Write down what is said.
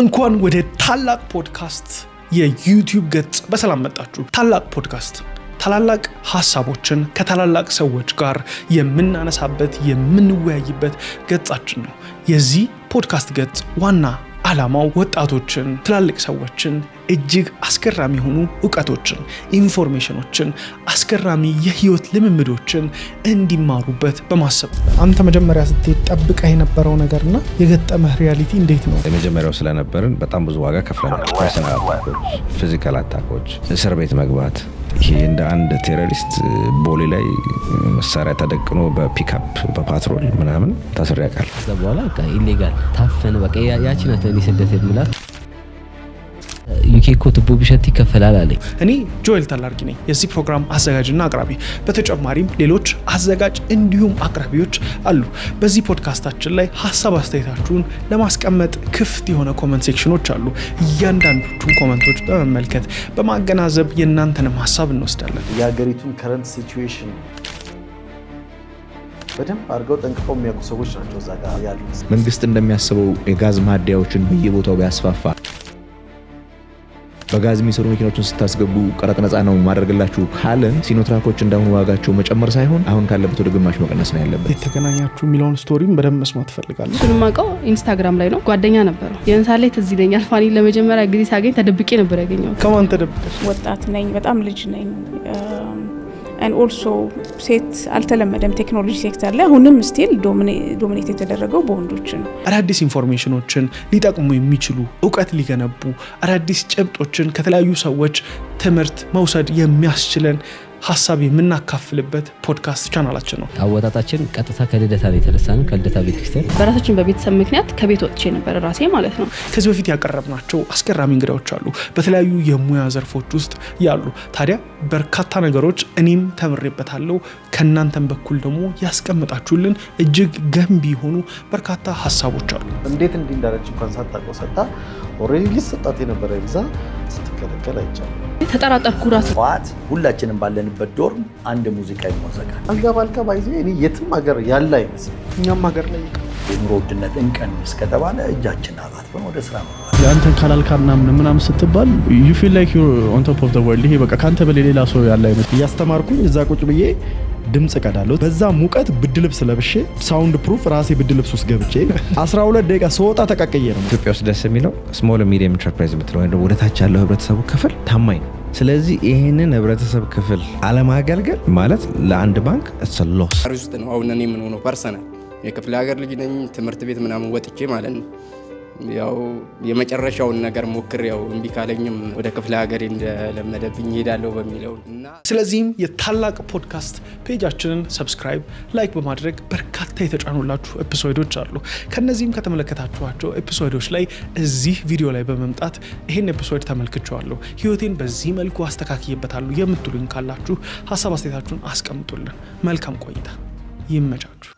እንኳን ወደ ታላቅ ፖድካስት የዩቲዩብ ገጽ በሰላም መጣችሁ። ታላቅ ፖድካስት ታላላቅ ሀሳቦችን ከታላላቅ ሰዎች ጋር የምናነሳበት የምንወያይበት ገጻችን ነው። የዚህ ፖድካስት ገጽ ዋና ዓላማው ወጣቶችን፣ ትላልቅ ሰዎችን እጅግ አስገራሚ የሆኑ እውቀቶችን፣ ኢንፎርሜሽኖችን፣ አስገራሚ የህይወት ልምምዶችን እንዲማሩበት በማሰብ አንተ መጀመሪያ ስትሄድ ጠብቀህ የነበረው ነገርና የገጠመህ ሪያሊቲ እንዴት ነው? የመጀመሪያው ስለነበርን በጣም ብዙ ዋጋ ከፍለናል። ፐርሰናል አታኮች፣ ፊዚካል አታኮች፣ እስር ቤት መግባት ይሄ እንደ አንድ ቴሮሪስት ቦሌ ላይ መሳሪያ ተደቅኖ በፒክፕ በፓትሮል ምናምን ታስሬ ያውቃል። ከዛ በኋላ ኢሌጋል ታፈን በቃ ያቺ ናት ስደት የምላት ዩኬ እኮ ትቦ ቢሸት ይከፈላል አለኝ። እኔ ጆኤል ተላርኪ ነኝ የዚህ ፕሮግራም አዘጋጅና አቅራቢ። በተጨማሪም ሌሎች አዘጋጅ እንዲሁም አቅራቢዎች አሉ። በዚህ ፖድካስታችን ላይ ሀሳብ አስተያየታችሁን ለማስቀመጥ ክፍት የሆነ ኮመንት ሴክሽኖች አሉ። እያንዳንዶቹን ኮመንቶች በመመልከት በማገናዘብ የእናንተንም ሀሳብ እንወስዳለን። የሀገሪቱን ከረንት ሲቹዌሽን በደንብ አድርገው ጠንቅቀው የሚያውቁ ሰዎች ናቸው እዛ ጋር ያሉት። መንግስት እንደሚያስበው የጋዝ ማደያዎችን በየቦታው ቢያስፋፋ በጋዝ የሚሰሩ መኪናዎችን ስታስገቡ ቀረጥ ነፃ ነው ማድረግላችሁ ካለን ሲኖትራኮች እንዳሁኑ ዋጋቸው መጨመር ሳይሆን አሁን ካለበት ወደ ግማሽ መቀነስ ነው ያለበት። የተገናኛችሁ የሚለውን ስቶሪም በደንብ መስማት ትፈልጋለ። እሱን የማውቀው ኢንስታግራም ላይ ነው። ጓደኛ ነበረው የእንሳ ላይ ትዝ ይለኛል። ፋኒ ለመጀመሪያ ጊዜ ሳገኝ ተደብቄ ነበር ያገኘው። ከማን ተደብቀሽ? ወጣት ነኝ፣ በጣም ልጅ ነኝ ኤንድ ኦልሶ ሴት አልተለመደም ቴክኖሎጂ ሴክተር ላይ አሁንም ስቲል ዶሚኔት የተደረገው በወንዶች ነው። አዳዲስ ኢንፎርሜሽኖችን ሊጠቅሙ የሚችሉ እውቀት ሊገነቡ አዳዲስ ጭብጦችን ከተለያዩ ሰዎች ትምህርት መውሰድ የሚያስችለን ሀሳብ የምናካፍልበት ፖድካስት ቻናላችን ነው። አወጣጣችን ቀጥታ ከልደታ ነው የተነሳን፣ ከልደታ ቤተክርስቲያን። በራሳችን በቤተሰብ ምክንያት ከቤት ወጥቼ የነበረ ራሴ ማለት ነው። ከዚህ በፊት ያቀረብናቸው አስገራሚ እንግዳዎች አሉ፣ በተለያዩ የሙያ ዘርፎች ውስጥ ያሉ። ታዲያ በርካታ ነገሮች እኔም ተምሬበታለሁ። ከእናንተም በኩል ደግሞ ያስቀምጣችሁልን እጅግ ገንቢ የሆኑ በርካታ ሀሳቦች አሉ። እንዴት እንዲህ እንዳለች እንኳን ሳታውቀው ሰታ ኦልሬዲ ሊሰጣት የነበረ ግዛ ስትከለከል አይቻልም ተጠራጠርኩ ራሴ። ጠዋት ሁላችንም ባለንበት ዶርም አንድ ሙዚቃ ይሞዘቃል። አልጋ አንጋባልጋ ባይዘ የትም ሀገር ያለ አይመስል እኛም ሀገር ላይ የኑሮ ውድነት እንቀንስ ከተባለ እጃችን አጣጥፈን ወደ ስራ መግባት የአንተን ካላልካና ምን ምናምን ስትባል ዩ ፊል ላይክ ዩ ኦን ቶፕ ኦፍ ዘ ወርልድ። ይሄ በቃ ከአንተ በላይ ሌላ ሰው ያለ አይነት እያስተማርኩኝ እዛ ቁጭ ብዬ ድምፅ ቀዳለሁ። በዛ ሙቀት ብድ ልብስ ለብሼ ሳውንድ ፕሩፍ ራሴ ብድ ልብስ ውስጥ ገብቼ 12 ደቂቃ ስወጣ ተቀቅዬ ነው። ኢትዮጵያ ውስጥ ደስ የሚለው ስሞል ሚዲየም ኢንተርፕራይዝ የምትለው ወይም ወደታች ያለው ህብረተሰቡ ክፍል ታማኝ ነው። ስለዚህ ይህንን ህብረተሰብ ክፍል አለማገልገል ማለት ለአንድ ባንክ ሎስ ውስጥ ነው። አሁን እኔ የምንሆነው ፐርሰናል የክፍለ ሀገር ልጅ ነኝ። ትምህርት ቤት ምናምን ወጥቼ ማለት ነው ያው የመጨረሻውን ነገር ሞክር ያው እምቢ ካለኝም ወደ ክፍለ ሀገር እንደለመደብኝ ይሄዳለሁ በሚለው ስለዚህም የታላቅ ፖድካስት ፔጃችንን ሰብስክራይብ፣ ላይክ በማድረግ በርካታ የተጫኑላችሁ ኤፒሶዶች አሉ። ከነዚህም ከተመለከታችኋቸው ኤፒሶዶች ላይ እዚህ ቪዲዮ ላይ በመምጣት ይህን ኤፒሶድ ተመልክቸዋለሁ፣ ህይወቴን በዚህ መልኩ አስተካክይበታሉ የምትሉኝ ካላችሁ ሀሳብ አስተያየታችሁን አስቀምጡልን። መልካም ቆይታ ይመቻችሁ።